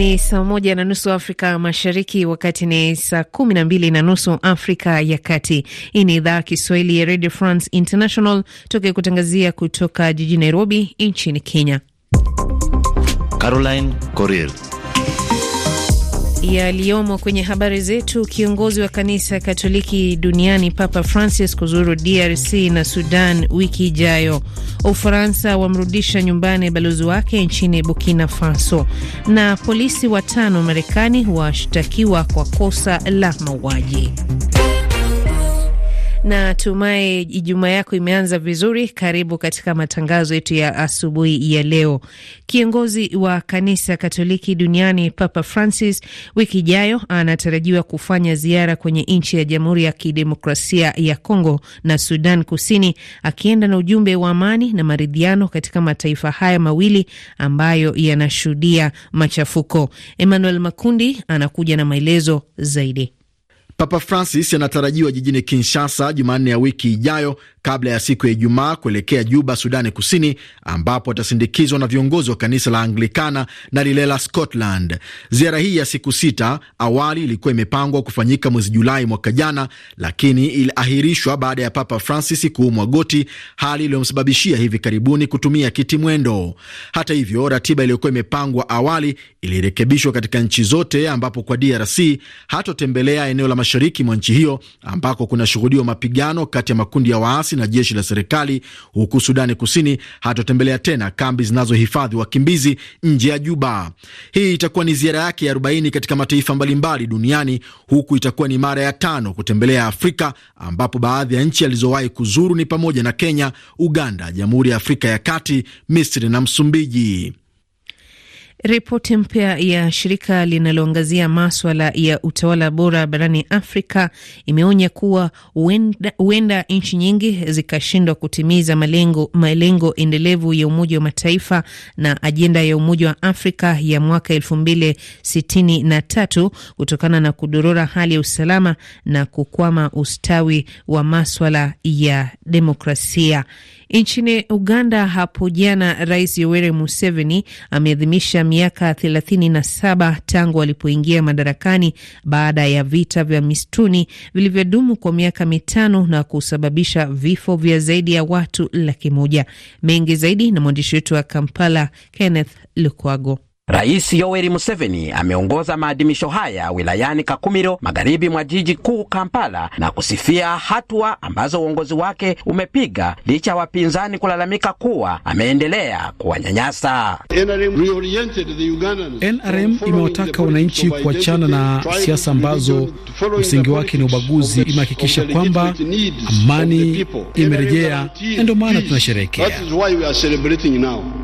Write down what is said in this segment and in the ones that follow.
Ni saa moja na nusu Afrika Mashariki, wakati ni saa kumi na mbili na nusu Afrika ya Kati. Hii ni idhaa Kiswahili ya Radio France International toke kutangazia kutoka jijini Nairobi nchini Kenya. Caroline Coril yaliyomo kwenye habari zetu. Kiongozi wa kanisa Katoliki duniani Papa Francis kuzuru DRC na Sudan wiki ijayo. Ufaransa wamrudisha nyumbani balozi wake nchini Burkina Faso, na polisi watano Marekani washtakiwa kwa kosa la mauaji na tumai Ijumaa yako imeanza vizuri. Karibu katika matangazo yetu ya asubuhi ya leo. Kiongozi wa kanisa Katoliki duniani Papa Francis wiki ijayo anatarajiwa kufanya ziara kwenye nchi ya Jamhuri ya Kidemokrasia ya Kongo na Sudan Kusini, akienda na ujumbe wa amani na maridhiano katika mataifa haya mawili ambayo yanashuhudia machafuko. Emmanuel Makundi anakuja na maelezo zaidi. Papa Francis anatarajiwa jijini Kinshasa Jumanne ya wiki ijayo kabla ya siku ya Ijumaa kuelekea Juba, Sudani Kusini, ambapo atasindikizwa na viongozi wa kanisa la Anglikana na lile la Scotland. Ziara hii ya siku sita awali ilikuwa imepangwa kufanyika mwezi Julai mwaka jana, lakini iliahirishwa baada ya Papa Francis kuumwa goti, hali iliyomsababishia hivi karibuni kutumia kiti mwendo. Hata hivyo, ratiba iliyokuwa imepangwa awali ilirekebishwa katika nchi zote, ambapo kwa DRC hatotembelea eneo la mashariki mwa nchi hiyo ambako kunashuhudiwa mapigano kati ya makundi ya waasi na jeshi la serikali, huku Sudani Kusini hatotembelea tena kambi zinazohifadhi wakimbizi nje ya Juba. Hii itakuwa ni ziara yake ya 40 katika mataifa mbalimbali duniani, huku itakuwa ni mara ya tano kutembelea Afrika, ambapo baadhi ya nchi alizowahi kuzuru ni pamoja na Kenya, Uganda, Jamhuri ya Afrika ya Kati, Misri na Msumbiji. Ripoti mpya ya shirika linaloangazia maswala ya utawala bora barani Afrika imeonya kuwa huenda nchi nyingi zikashindwa kutimiza malengo, malengo endelevu ya Umoja wa Mataifa na ajenda ya Umoja wa Afrika ya mwaka elfu mbili sitini na tatu kutokana na kudorora hali ya usalama na kukwama ustawi wa maswala ya demokrasia. Nchini Uganda hapo jana, Rais Yoweri Museveni ameadhimisha miaka 37 tangu alipoingia madarakani baada ya vita vya mistuni vilivyodumu kwa miaka mitano na kusababisha vifo vya zaidi ya watu laki moja. Mengi zaidi na mwandishi wetu wa Kampala, Kenneth Lukwago. Rais Yoweri Museveni ameongoza maadhimisho haya wilayani Kakumiro, magharibi mwa jiji kuu Kampala, na kusifia hatua ambazo uongozi wake umepiga licha ya wapinzani kulalamika kuwa ameendelea kuwanyanyasa. NRM imewataka wananchi kuachana na siasa ambazo msingi wake ni ubaguzi. Imehakikisha kwamba amani imerejea, na ndio maana tunasherehekea.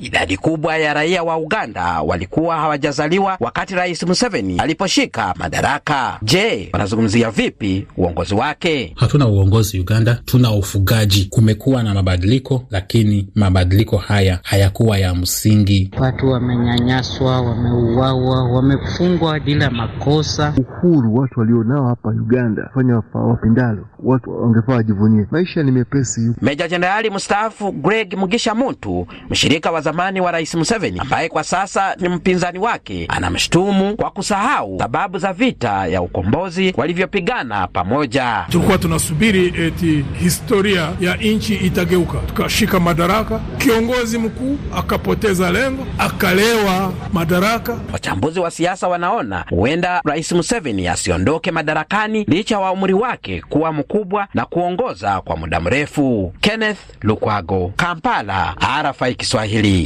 Idadi kubwa ya raia wa Uganda walikuwa hawajazaliwa wakati Rais Museveni aliposhika madaraka. Je, wanazungumzia vipi uongozi wake? Hatuna uongozi Uganda, tuna ufugaji. Kumekuwa na mabadiliko, lakini mabadiliko haya hayakuwa ya msingi. Watu wamenyanyaswa, wameuawa, wamefungwa bila makosa. Uhuru watu walionao hapa Uganda fanya wapindalo, watu wangefaa wajivunie. Maisha ni mepesi. Meja Jenerali mstaafu Greg Mugisha Muntu, mshirika wa zamani wa Rais Museveni ambaye kwa sasa ni mpinzani wake anamshutumu kwa kusahau sababu za vita ya ukombozi walivyopigana pamoja. Tulikuwa tunasubiri eti historia ya nchi itageuka, tukashika madaraka, kiongozi mkuu akapoteza lengo, akalewa madaraka. Wachambuzi wa siasa wanaona huenda Rais Museveni asiondoke madarakani licha wa umri wake kuwa mkubwa na kuongoza kwa muda mrefu. Kenneth Lukwago, Kampala, RFI Kiswahili.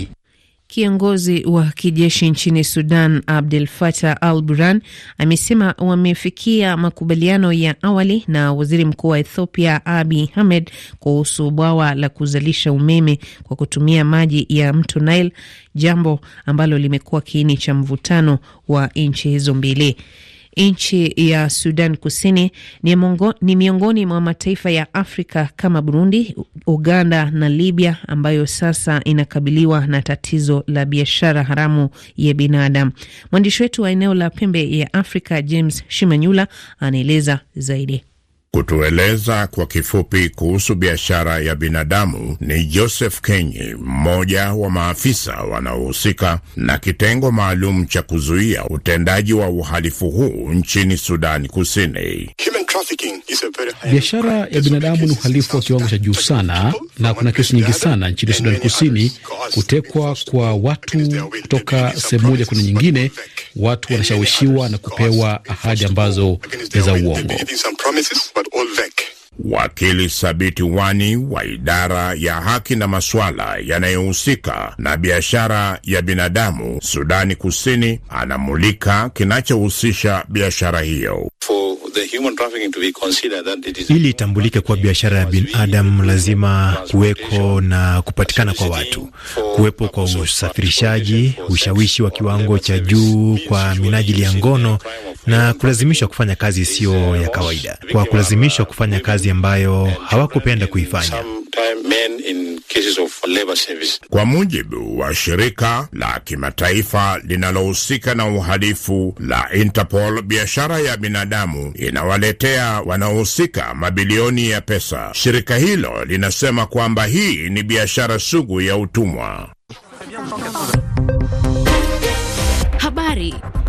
Kiongozi wa kijeshi nchini Sudan Abdel Fattah al Burhan amesema wamefikia makubaliano ya awali na waziri mkuu wa Ethiopia Abiy Ahmed kuhusu bwawa la kuzalisha umeme kwa kutumia maji ya mto Nile, jambo ambalo limekuwa kiini cha mvutano wa nchi hizo mbili. Nchi ya Sudan Kusini ni, mongo, ni miongoni mwa mataifa ya Afrika kama Burundi, Uganda na Libya ambayo sasa inakabiliwa na tatizo la biashara haramu ya binadamu. Mwandishi wetu wa eneo la pembe ya Afrika James Shimanyula anaeleza zaidi. Kutueleza kwa kifupi kuhusu biashara ya binadamu ni Joseph Kenyi, mmoja wa maafisa wanaohusika na kitengo maalum cha kuzuia utendaji wa uhalifu huu nchini Sudani Kusini. Biashara ya binadamu ni uhalifu wa kiwango cha juu sana, na kuna kesi nyingi sana nchini Sudani Kusini, kutekwa kwa watu kutoka sehemu moja kwenda nyingine watu wanashawishiwa na kupewa ahadi ambazo ni za uongo. Wakili Sabiti Wani wa idara ya haki na masuala yanayohusika na biashara ya binadamu Sudani Kusini anamulika kinachohusisha biashara hiyo. Ili itambulike kuwa biashara ya binadamu, lazima kuweko na kupatikana kwa watu, kuwepo kwa usafirishaji, ushawishi wa kiwango cha juu kwa minajili ya ngono na kulazimishwa kufanya kazi isiyo ya kawaida, kwa kulazimishwa kufanya kazi ambayo hawakupenda kuifanya. Kwa mujibu wa shirika la kimataifa linalohusika na uhalifu la Interpol, biashara ya binadamu inawaletea wanaohusika mabilioni ya pesa. Shirika hilo linasema kwamba hii ni biashara sugu ya utumwa. Habari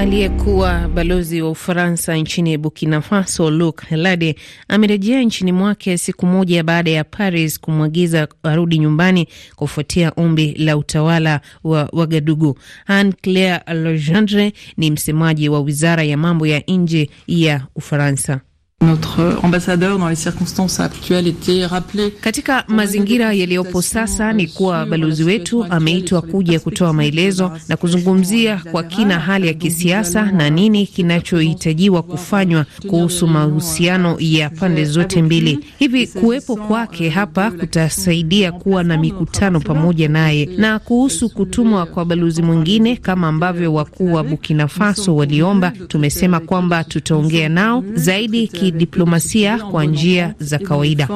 Aliyekuwa balozi wa Ufaransa nchini Burkina Faso Luc Helade amerejea nchini mwake siku moja baada ya Paris kumwagiza arudi nyumbani kufuatia ombi la utawala wa Wagadugu. an Claire Legendre ni msemaji wa wizara ya mambo ya nje ya Ufaransa. Notre ambassadeur dans les circonstances actuelles était rappelé. Katika mazingira yaliyopo sasa ni kuwa balozi wetu ameitwa kuja kutoa maelezo na kuzungumzia kwa kina hali ya kisiasa na nini kinachohitajiwa kufanywa kuhusu mahusiano ya pande zote mbili. Hivi kuwepo kwake hapa kutasaidia kuwa na mikutano pamoja naye. Na kuhusu kutumwa kwa balozi mwingine kama ambavyo wakuu wa Burkina Faso waliomba, tumesema kwamba tutaongea nao zaidi ki diplomasia kwa njia za kawaida.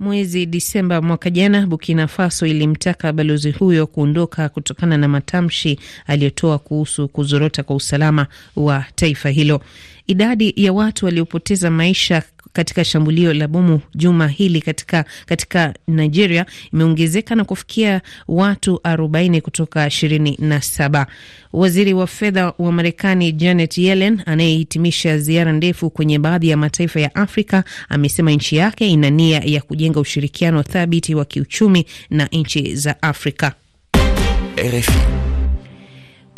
Mwezi Disemba mwaka jana, Burkina Faso ilimtaka balozi huyo kuondoka kutokana na matamshi aliyotoa kuhusu kuzorota kwa usalama wa taifa hilo. Idadi ya watu waliopoteza maisha katika shambulio la bomu juma hili katika, katika Nigeria imeongezeka na kufikia watu 40 kutoka 27. Waziri wa fedha wa Marekani Janet Yellen anayehitimisha ziara ndefu kwenye baadhi ya mataifa ya Afrika amesema nchi yake ina nia ya kujenga ushirikiano thabiti wa kiuchumi na nchi za Afrika. RFI.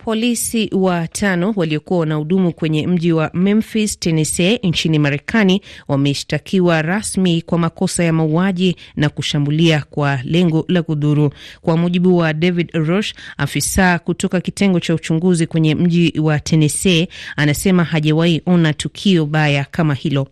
Polisi watano waliokuwa wanahudumu kwenye mji wa Memphis, Tennessee nchini Marekani wameshtakiwa rasmi kwa makosa ya mauaji na kushambulia kwa lengo la kudhuru, kwa mujibu wa David Rosh, afisa kutoka kitengo cha uchunguzi kwenye mji wa Tennessee. Anasema hajawahi ona tukio baya kama hilo.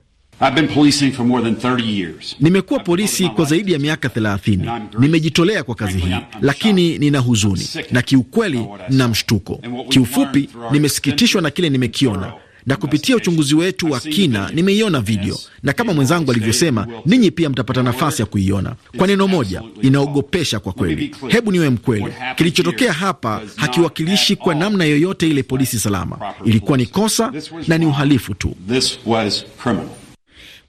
Nimekuwa polisi kwa zaidi ya miaka 30. Nimejitolea kwa kazi hii, lakini nina huzuni na kiukweli, nina mshtuko. Kiufupi, nimesikitishwa na kile nimekiona na kupitia uchunguzi wetu wa kina nimeiona video, na kama mwenzangu alivyosema, ninyi pia mtapata nafasi ya kuiona. Kwa neno moja, inaogopesha kwa kweli. Hebu niwe mkweli, kilichotokea hapa hakiwakilishi kwa namna yoyote ile polisi salama. Ilikuwa ni kosa na ni uhalifu tu.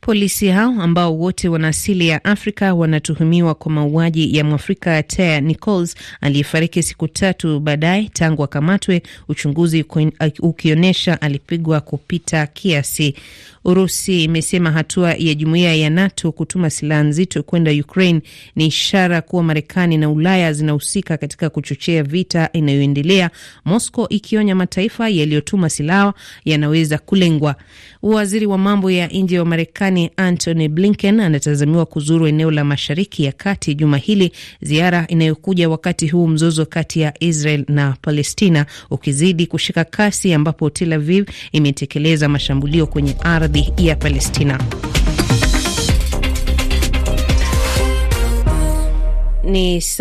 Polisi hao ambao wote wana asili ya Afrika wanatuhumiwa kwa mauaji ya Mwafrika Tea Nichols aliyefariki siku tatu baadaye tangu akamatwe, uchunguzi ukionyesha alipigwa kupita kiasi. Urusi imesema hatua ya jumuiya ya NATO kutuma silaha nzito kwenda Ukraine ni ishara kuwa Marekani na Ulaya zinahusika katika kuchochea vita inayoendelea, Moscow ikionya mataifa yaliyotuma silaha yanaweza kulengwa. Waziri wa mambo ya nje wa Marekani Marekani Antony Blinken anatazamiwa kuzuru eneo la Mashariki ya Kati juma hili, ziara inayokuja wakati huu mzozo kati ya Israel na Palestina ukizidi kushika kasi, ambapo Tel Aviv imetekeleza mashambulio kwenye ardhi ya Palestina. Ni